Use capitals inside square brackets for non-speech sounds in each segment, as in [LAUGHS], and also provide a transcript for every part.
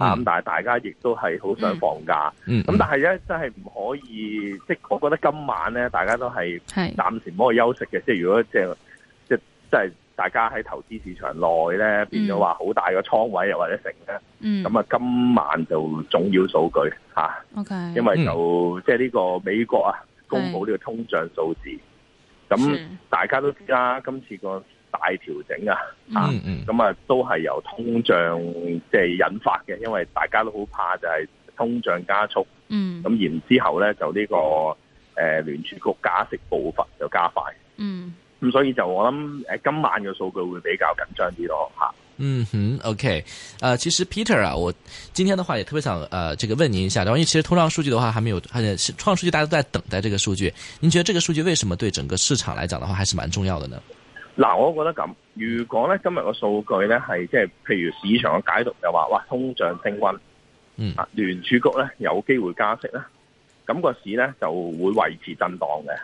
咁、嗯、但係大家亦都係好想放假，咁、嗯嗯、但係咧真係唔可以，即、就、係、是、我覺得今晚咧大家都係暫時唔可以休息嘅。是即係如果即係即即係大家喺投資市場內咧變咗話好大個倉位又或者成咧，咁啊、嗯、今晚就重要數據 okay，因為就、嗯、即係呢個美國啊公佈呢個通脹數字，咁是大家都知啦，嗯、今次個。大調整啊，咁啊都係由通脹即係引發嘅，因為大家都好怕就係通脹加速，咁然、嗯、之後咧就呢、這個誒聯儲局加息步伐就加快，咁、嗯、所以就我諗誒今晚嘅數據會比較緊張啲咯吓。啊、嗯哼，OK，誒、呃、其實 Peter 啊，我今天的話也特別想誒、呃、這個問您一下，因為其實通脹數據的話，還沒有而且創數據大家都在等待這個數據，您覺得這個數據為什麼對整個市場來講的話，還是蠻重要嘅呢？嗱，我覺得咁，如果咧今日個數據咧係即係譬如市場嘅解讀就話，哇，通脹升溫，嗯啊，聯儲局咧有機會加息咧，咁個市咧就會維持震盪嘅。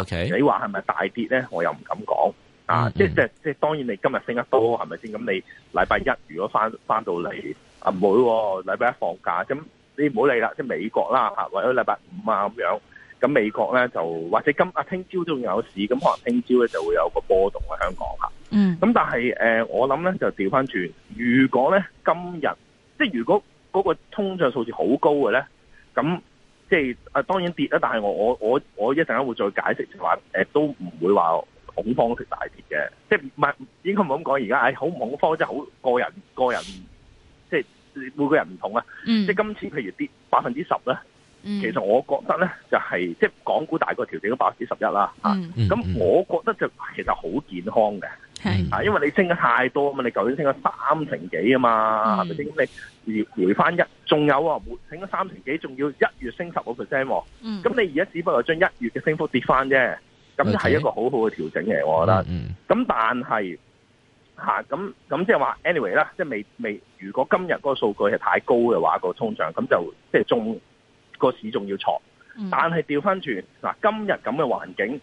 OK，你話係咪大跌咧？我又唔敢講啊！啊嗯、即係即係，當然你今日升得多係咪先？咁你禮拜一如果翻翻到嚟啊，唔會、哦，禮拜一放假。咁你唔好理啦，即係美國啦嚇，或者禮拜五啊咁樣。咁美國咧就或者今啊聽朝都有市，咁可能聽朝咧就會有個波動喺香港吓嗯。咁、mm. 但係、呃、我諗咧就調翻轉，如果咧今日即係如果嗰個通脹數字好高嘅咧，咁即係啊當然跌啦，但係我我我我一陣間會再解釋話，就、呃、話都唔會話恐慌式大跌嘅。即係唔係應該唔好咁講？而家誒好恐慌即係好個人個人，即係每個人唔同啊。Mm. 即係今次譬如跌百分之十呢。嗯、其實我覺得咧，就係即係港股大概調整咗百分之十一啦，吓咁、嗯啊、我覺得就其實好健康嘅，係啊、嗯，因為你升咗太多啊嘛，嗯、你舊年升咗三成幾啊嘛，係咪先？你回翻一，仲有啊，升咗三成幾，仲要一月升十個 percent，咁你而家只不過將一月嘅升幅跌翻啫，咁係一個好好嘅調整嘅，我覺得。咁、嗯、但係吓咁咁即係話，anyway 啦，即、啊、係、就是、未未，如果今日嗰個數據係太高嘅話，嗰個通脹咁就即係、就是、中。個市仲要挫，但係調翻轉嗱，今日咁嘅環境，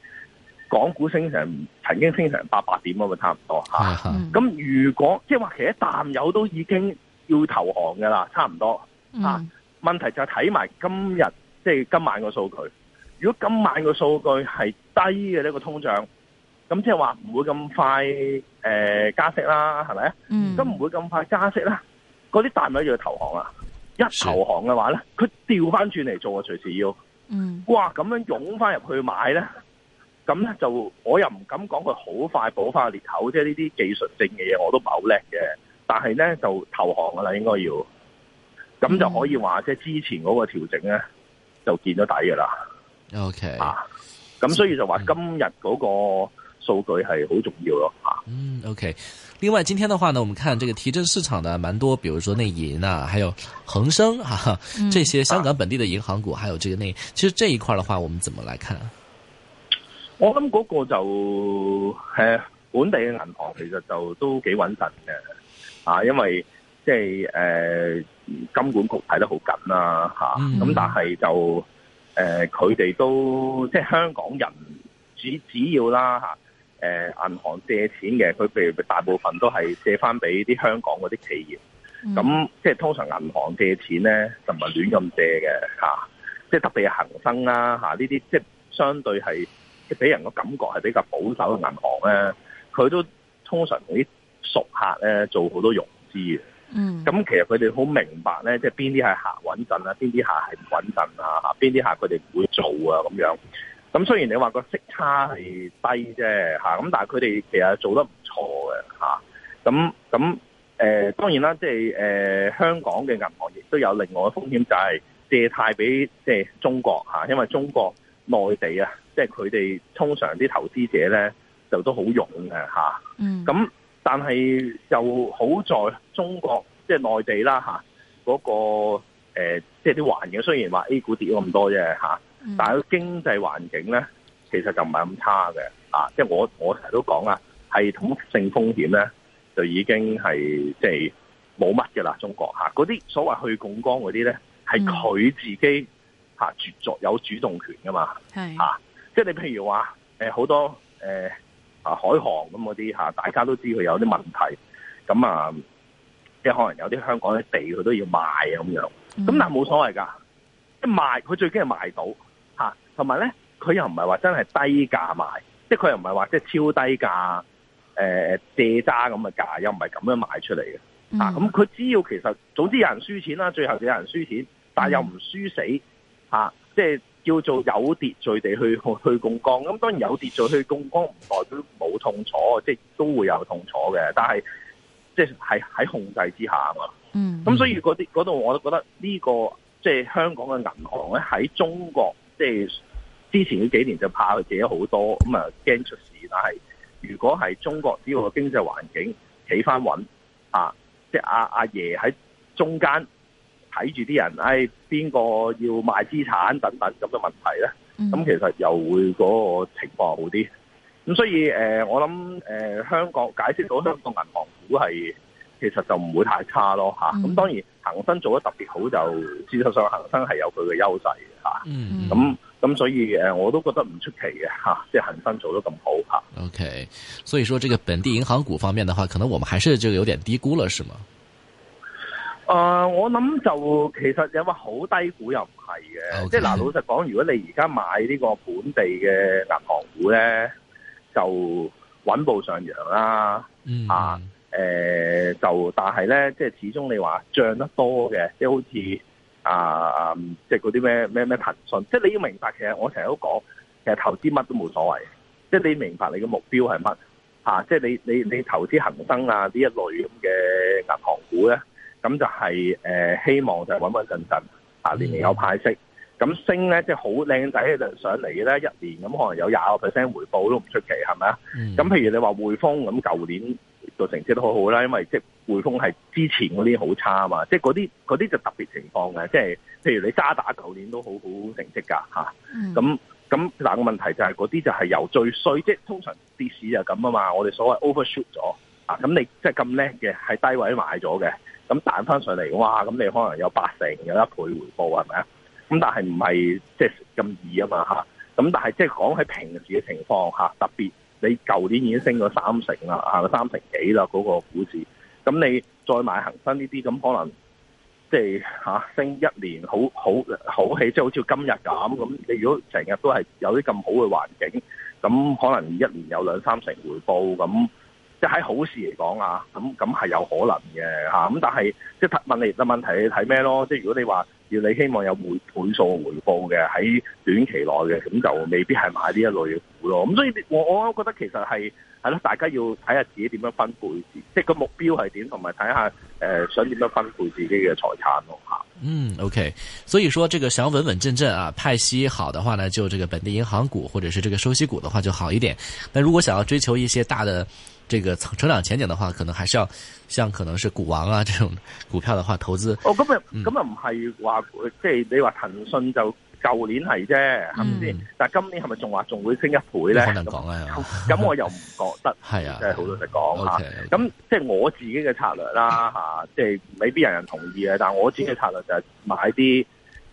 港股升成曾經升成八百點啊，咪差唔多吓。咁 [LAUGHS] 如果即係話，其實淡友都已經要投降㗎啦，差唔多啊。 [LAUGHS] 問題就係睇埋今日即係今晚個數據。如果今晚個數據係低嘅呢、這個通脹，咁即係話唔會咁快誒、呃、加息啦，係咪啊？咁唔 [LAUGHS] 會咁快加息啦，嗰啲淡友就要投降啦。 [MUSIC] 一投降嘅話咧，佢調翻轉嚟做啊，隨時要。嗯。哇，咁樣湧翻入去買咧，咁咧就我又唔敢講佢好快補翻個裂口，即係呢啲技術性嘅嘢我都唔係好叻嘅。但係咧就投降㗎啦，應該要。咁就可以話，即係、mm hmm. 之前嗰個調整咧，就見到底噶啦。O K。啊，咁所以就話今日嗰個數據係好重要咯。嗯，O K。Hmm. Okay. 另外，今天的話呢，我們看這個提振市場的蠻多，比如說內銀啊，還有恒生啊，這些香港本地的銀行股，還有這個內，其實這一塊的話，我們怎麼來看，啊？我諗嗰個就誒、呃，本地的銀行其實就都幾穩陣嘅，啊，因為即係誒金管局睇得好緊啦，吓、啊，咁但係就誒佢哋都即係香港人主，主要啦，吓、啊。誒銀行借錢嘅，佢譬如大部分都係借翻俾啲香港嗰啲企業。咁即係通常銀行借錢咧，就唔係亂咁借嘅嚇。即係特別係恒生啦嚇，呢啲即係相對係即俾人個感覺係比較保守嘅銀行咧，佢都通常同啲熟客咧做好多融資嘅。咁、嗯、其實佢哋好明白咧，即係邊啲係客穩陣啊，邊啲客係唔穩陣啊，邊啲客佢哋唔會做啊咁樣。咁雖然你話個息差係低啫嚇，咁但係佢哋其實做得唔錯嘅嚇。咁咁誒，當然啦，即係誒香港嘅銀行亦都有另外嘅風險，就係、是、借貸俾即係中國嚇、啊，因為中國內地啊，即係佢哋通常啲投資者咧就都好勇嘅嚇。啊、嗯。咁但係就好在中國即係、就是、內地啦嚇，嗰、啊那個即係啲環境，雖然話 A 股跌咗咁多啫嚇。啊。嗯、但係個經濟環境咧，其實就唔係咁差嘅，啊！即係我我成日都講啊，系統性風險咧就已經係即係冇乜嘅啦，中國吓，嗰、啊、啲所謂去槓桿嗰啲咧，係佢自己吓絕作有主動權噶嘛，係吓是、啊，即係你譬如話誒好多誒啊、呃、海航咁嗰啲吓，大家都知佢有啲問題，咁啊，即係可能有啲香港啲地佢都要賣咁樣，咁、嗯、但係冇所謂噶，即賣佢最驚係賣到。吓，同埋咧，佢又唔係話真係低價賣，即係佢又唔係話即係超低價誒借渣咁嘅價，又唔係咁樣賣出嚟嘅。吓、mm，咁、hmm. 佢、啊嗯、只要其實，總之有人輸錢啦，最後就有人輸錢，但係又唔輸死吓、啊，即係叫做有秩序地去去槓杆。咁、啊、當然有秩序去槓杆，唔代表冇痛楚，即係都會有痛楚嘅，但係即係喺控制之下嘛、mm hmm. 啊。嗯，咁所以嗰啲嗰度，我都覺得呢、這個即係香港嘅銀行咧喺中國。即係之前幾幾年就怕佢跌咗好多，咁啊，驚出事。但係如果係中國只要個經濟環境起翻穩啊，即係阿阿爺喺中間睇住啲人，唉、哎，邊個要賣資產等等咁嘅問題咧，咁其實又會嗰個情況好啲。咁所以誒、呃，我諗誒、呃、香港解釋到香港銀行股係。其實就唔會太差咯，吓咁當然、嗯、恒生做得特別好，就事實上恒生係有佢嘅優勢咁咁、嗯、所以誒，我都覺得唔出奇嘅，吓即係恒生做得咁好吓。OK，所以說這個本地銀行股方面的話，可能我們還是就有點低估了，是嗎？誒、呃，我諗就其實有話好低估又唔係嘅，即係嗱，老實講，如果你而家買呢個本地嘅銀行股咧，就穩步上揚啦，嗯、啊。誒，欸、就但係咧，即係始終你話漲得多嘅、啊，即係好似啊即係嗰啲咩咩咩騰訊，即係你要明白其實我成日都講，其實投資乜都冇所謂，即係你明白你嘅目標係乜吓，即係你你你投資恒生啊呢一類咁嘅銀行股咧，咁就係誒、呃、希望就穩穩陣陣啊年年有派息，咁升咧即係好靚仔上嚟咧，一年咁可能有廿個 percent 回報都唔出奇，係咪啊？咁譬如你話匯豐咁舊年。個成績都好好啦，因為即匯豐係之前嗰啲好差嘛，即嗰啲嗰啲就特別情況嘅，即係譬如你渣打舊年都好好成績㗎嚇，咁、啊、咁、mm. 但個問題就係嗰啲就係由最衰，即係通常啲市就咁啊嘛，我哋所謂 overshoot 咗啊，咁你即係咁叻嘅，係低位買咗嘅，咁彈翻上嚟，哇，咁你可能有八成有一倍回報係咪啊？咁但係唔係即係咁易啊嘛，咁但係即係講喺平時嘅情況嚇、啊，特別。你舊年已經升咗三成啦，嚇三成幾啦嗰個股市，咁你再買恒生呢啲，咁可能即係嚇升一年好好好起，即係好似今日咁。咁你如果成日都係有啲咁好嘅環境，咁可能一年有兩三成回報咁。即喺好事嚟講啊，咁咁係有可能嘅嚇，咁但係即問你個問題，你睇咩咯？即如果你話要你希望有回倍數回，回報嘅喺短期內嘅，咁就未必係買呢一類嘅股咯。咁所以我我我覺得其實係係咯，大家要睇下自己點樣分配，即個目標係點，同埋睇下誒想點樣分配自己嘅財產咯吓。嗯，OK。所以說，這個想穩穩陣陣啊，派息好的話呢，就這個本地銀行股或者是這個收息股的話就好一點。但如果想要追求一些大的。這個成長前景的話，可能還是要像，像可能是股王啊這種股票的話，投資。哦咁啊，咁啊唔係話，是嗯、即係你話騰訊就舊年係啫，係咪先？嗯、但係今年係咪仲話仲會升一倍咧？冇得講啦，咁、啊嗯嗯、我又唔覺得。係啊，okay, okay. 啊，即係好老實講吓。咁即係我自己嘅策略啦吓、啊，即係未必人人同意啊。但係我自己嘅策略就係買啲，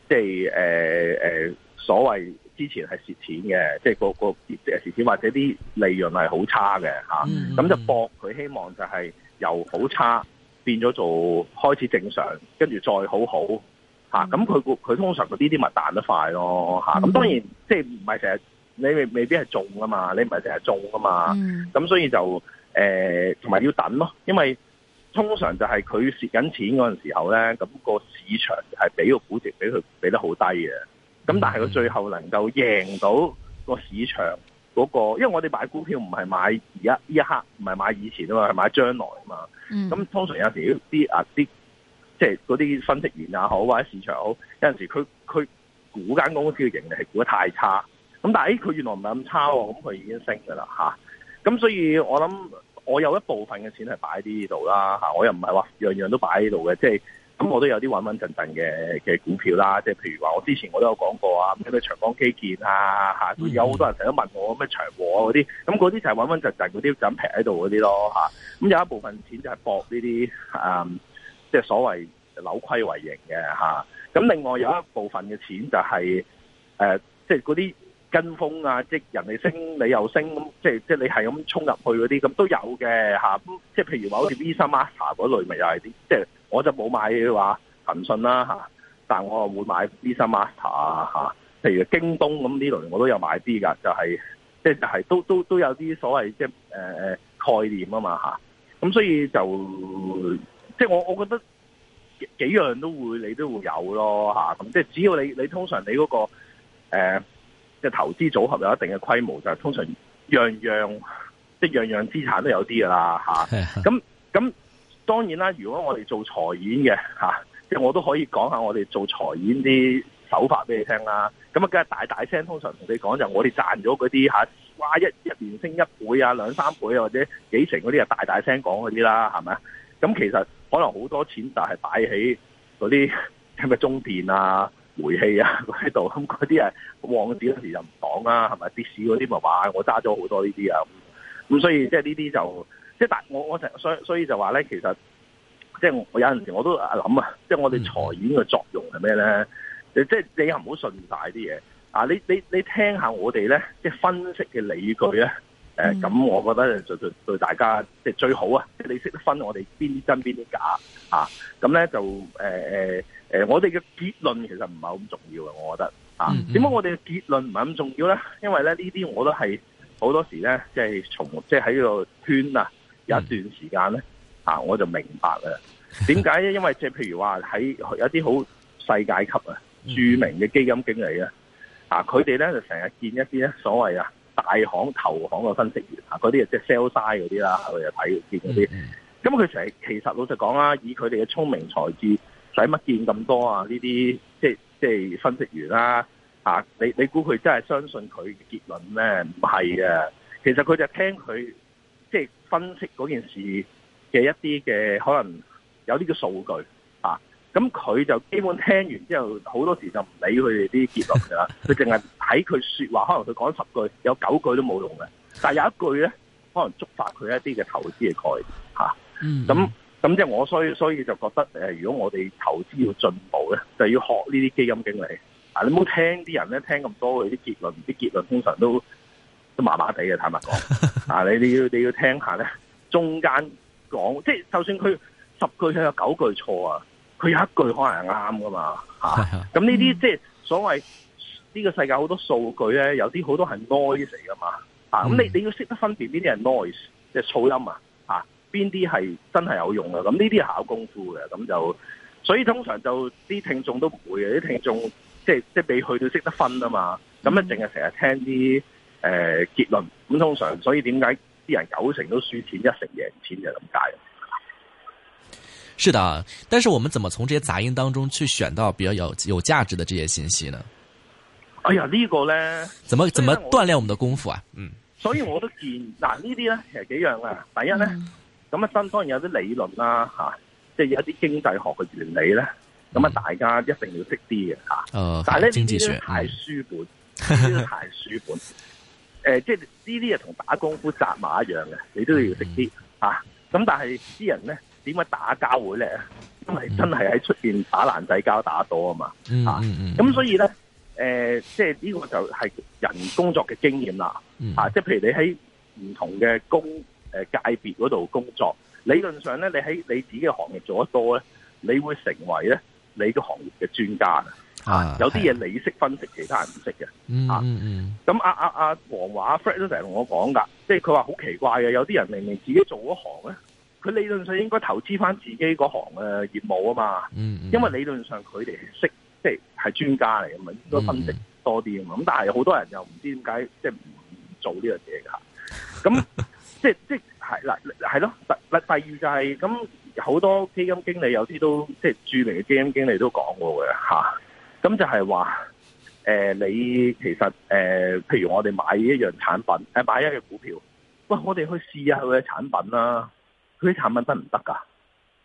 即係誒誒所謂。之前係蝕錢嘅，即、就、係、是、個個即係蝕錢或者啲利潤係好差嘅，咁、啊 mm hmm. 就搏佢希望就係由好差變咗做開始正常，跟住再好好咁佢佢通常嗰啲啲咪彈得快咯咁、啊、當然即係唔係成日你未未必係中㗎嘛，你唔係成日中㗎嘛。咁、mm hmm. 所以就誒同埋要等咯，因為通常就係佢蝕緊錢嗰陣時候咧，咁、那個市場係俾個估值俾佢俾得好低嘅。咁、嗯、但係佢最後能夠贏到個市場嗰個，因為我哋買股票唔係買而家呢一刻，唔係買以前啊嘛，係買將來啊嘛。咁通常有時啲啊啲，即係嗰啲分析員啊好，或者市場好有，有陣時佢佢估間公司嘅盈利係估得太差。咁但係佢原來唔係咁差喎，咁佢已經升噶啦吓。咁所以我諗，我有一部分嘅錢係擺喺呢度啦吓，我又唔係話樣樣都擺喺度嘅，即係。咁、嗯、我都有啲穩穩陣陣嘅嘅股票啦，即係譬如話，我之前我都有講過啊，咩長江基建啊，都有好多人成日問我咩長和嗰、啊、啲，咁嗰啲就係穩穩陣陣嗰啲就咁劈喺度嗰啲咯，咁、啊、有一部分錢就係搏呢啲即係所謂扭虧為盈嘅，咁另外有一部分嘅錢就係即係嗰啲跟風啊，即、就、係、是、人哋升你又升，即係即係你係咁衝入去嗰啲，咁都有嘅即係譬如話好似 VISA 嗰類咪又係啲即我就冇買的話騰訊啦吓，但我又會買 Visa Master 啊吓，譬如京東咁呢類我都有買啲噶，就係即係都都都有啲所謂即係誒誒概念啊嘛吓，咁所以就即係我我覺得幾樣都會你都會有咯吓，咁即係只要你你通常你嗰、那個誒、呃、投資組合有一定嘅規模，就係、是、通常樣樣即係樣樣資產都有啲噶啦吓，咁咁。 [LAUGHS] 當然啦，如果我哋做財演嘅、啊、即係我都可以講下我哋做財演啲手法俾你聽啦。咁啊，梗係大大聲，通常同你講就我哋賺咗嗰啲嚇，哇、啊、一一年升一倍啊，兩三倍、啊、或者幾成嗰啲啊，大大聲講嗰啲啦，係咪？咁其實可能好多錢就係擺喺嗰啲咩中電啊、煤氣啊嗰喺度，咁嗰啲係旺嗰時嗰時就唔講啦，係咪？跌市嗰啲咪話我揸咗好多呢啲啊，咁、啊、所以即係呢啲就。即係但我我就所所以就話咧，其實即係我,我有陣時候我都諗啊，即係我哋裁員嘅作用係咩咧？即係、mm hmm. 你又唔好信晒啲嘢啊！你你你聽下我哋咧，即係分析嘅理據咧，誒、啊，咁我覺得就對對大家即係最好啊！即係你識得分我、啊呃呃，我哋邊啲真邊啲假啊！咁咧就誒誒誒，我哋嘅結論其實唔係咁重要嘅，我覺得啊，點解、mm hmm. 我哋嘅結論唔係咁重要咧？因為咧呢啲我都係好多時咧，即係從即係喺呢個圈啊。有一段時間咧，嗯、啊，我就明白啦。點解咧？因為即係譬如話喺有啲好世界級啊著名嘅基金經理、嗯嗯、啊，啊，佢哋咧就成日見一啲咧所謂啊大行投行嘅分、啊嗯嗯啊、分析員啊，嗰啲即係 sell side 嗰啲啦，佢哋睇見嗰啲。咁佢成日其實老實講啦，以佢哋嘅聰明才智，使乜見咁多啊呢啲即係即係分析員啦？啊，你你估佢真係相信佢結論咩？唔係嘅，其實佢就聽佢。分析嗰件事嘅一啲嘅可能有啲嘅數據吓，咁啊，佢就基本聽完之後，好多時就唔理佢哋啲結論噶啦，佢淨係睇佢說話，可能佢講十句有九句都冇用嘅，但係有一句咧，可能觸發佢一啲嘅投資嘅概念吓，咁咁即係我所以所以就覺得誒，如果我哋投資要進步咧，就要學呢啲基金經理啊，你冇聽啲人咧聽咁多佢啲結論，啲結論通常都。都麻麻地嘅，坦白講， [LAUGHS] 啊，你你要你要聽下咧，中間講，即係就算佢十句佢有九句錯啊，佢有一句可能係啱噶嘛，吓、啊，咁呢啲即係所謂呢、這個世界好多數據咧，有啲好多係 noise 嚟噶嘛，咁你你要識得分辨邊啲係 noise，即係噪音啊，啊，邊啲係真係有用啊。咁呢啲係考功夫嘅，咁就所以通常就啲聽眾都唔會嘅，啲聽眾即係即係未去到識得分啊嘛，咁咧淨係成日聽啲。誒、呃，結論咁通常，所以點解啲人九成都輸錢，一成贏錢就咁解？是的，但是我們怎麼從這些雜音當中去選到比較有有價值的這些信息呢？哎呀，呢、這個呢怎麼、啊、怎麼鍛煉我們的功夫啊？嗯，所以我都見嗱、啊、呢啲呢其實幾樣啊。第一呢咁啊，先、嗯、當然有啲理論啦、啊，吓、啊，即、就、係、是、有啲經濟學嘅原理呢咁啊，嗯、大家一定要識啲嘅吓。呃、經濟學書本？嗯、書本。 [LAUGHS] 誒、呃，即係呢啲就同打功夫、紮馬一樣嘅，你都要識啲吓。咁但係啲人咧點解打交會呢？因為真係喺出邊打爛仔交打多啊嘛。啊 mm hmm. 嗯嗯咁所以咧，誒、呃，即係呢個就係人工作嘅經驗啦、mm hmm. 啊。即係譬如你喺唔同嘅工誒、呃、界別嗰度工作，理論上咧，你喺你自己嘅行業做得多咧，你會成為咧你嘅行業嘅專家。啊、有啲嘢你識分析，其他人唔識嘅。咁阿、嗯嗯嗯、啊阿黃華、阿、啊、Fred 都成日同我講㗎，即係佢話好奇怪嘅，有啲人明明自己做嗰行咧，佢理論上應該投資翻自己嗰行嘅業務啊嘛。嗯嗯、因為理論上佢哋識，即係係專家嚟㗎嘛，應該分析多啲啊嘛。咁、嗯、但係好多人又唔知點解，即係唔做呢樣嘢㗎。咁即係即係係嗱，係、就、咯、是。第第二就係、是、咁，好多基金經理有啲都即係、就是、著名嘅基金經理都講過嘅吓。啊咁就係話、呃，你其實、呃、譬如我哋買一樣產品，誒買一樣股票，喂，我哋去試下佢嘅產品啦，佢啲產品得唔得噶？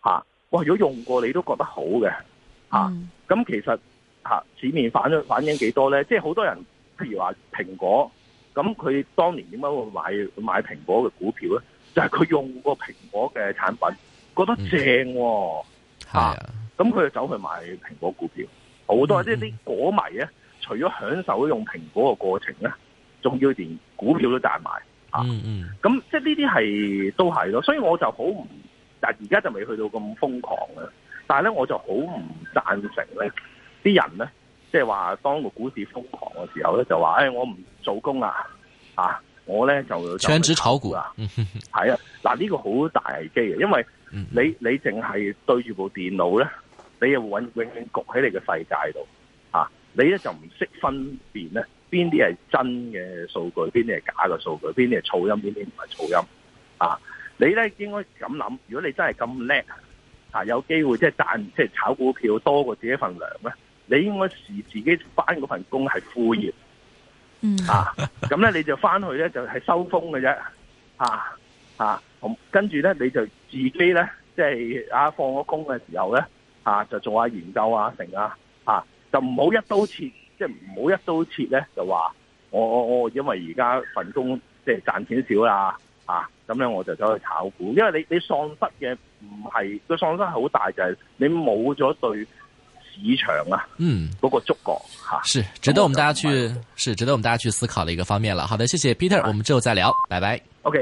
嚇，喂，如果用過你都覺得好嘅，嚇、啊，咁、mm. 嗯、其實嚇、啊、市面反映反映幾多咧？即係好多人，譬如話蘋果，咁佢當年點解會買,買蘋果嘅股票咧？就係、是、佢用過蘋果嘅產品，覺得正，喎。咁佢就走去買蘋果股票。好多即係啲果迷咧，除咗享受用蘋果嘅過程咧，仲要連股票都賺埋啊！咁即係呢啲係都係咯，所以我就好唔但係而家就未去到咁瘋狂啊！但係咧，我就好唔贊成咧，啲人咧即係話當個股市瘋狂嘅時候咧，就話誒、哎、我唔做工啊啊！我咧就，就有全職炒股啦，係、嗯、啊！嗱、嗯、呢、呢個好大危機啊！因為你你淨係對住部電腦咧。你又揾永遠焗喺你嘅世界度啊！你咧就唔識分辨咧，邊啲係真嘅數據，邊啲係假嘅數據，邊啲係噪音，邊啲唔係噪音啊！你咧應該咁諗，如果你真係咁叻啊，有機會即係賺，即係炒股票多過自己份糧咧，你應該視自己翻嗰份工係副業，嗯啊，咁咧你就翻去咧就係收風嘅啫，啊啊，咁跟住咧你就自己咧即係啊放咗工嘅時候咧。啊，就做下研究啊，成啊，啊，就唔好一刀切，即係唔好一刀切咧，就話我我我因為而家份工即係賺錢少啦，啊，咁樣我就走去炒股，因為你你喪失嘅唔係個喪失係好大，就係、是、你冇咗對市場啊，嗯，嗰個觸覺吓，啊、是值得我們大家去，嗯、是值得我們大家去思考的一個方面啦。好的，謝謝 Peter，我們之後再聊，拜拜。OK。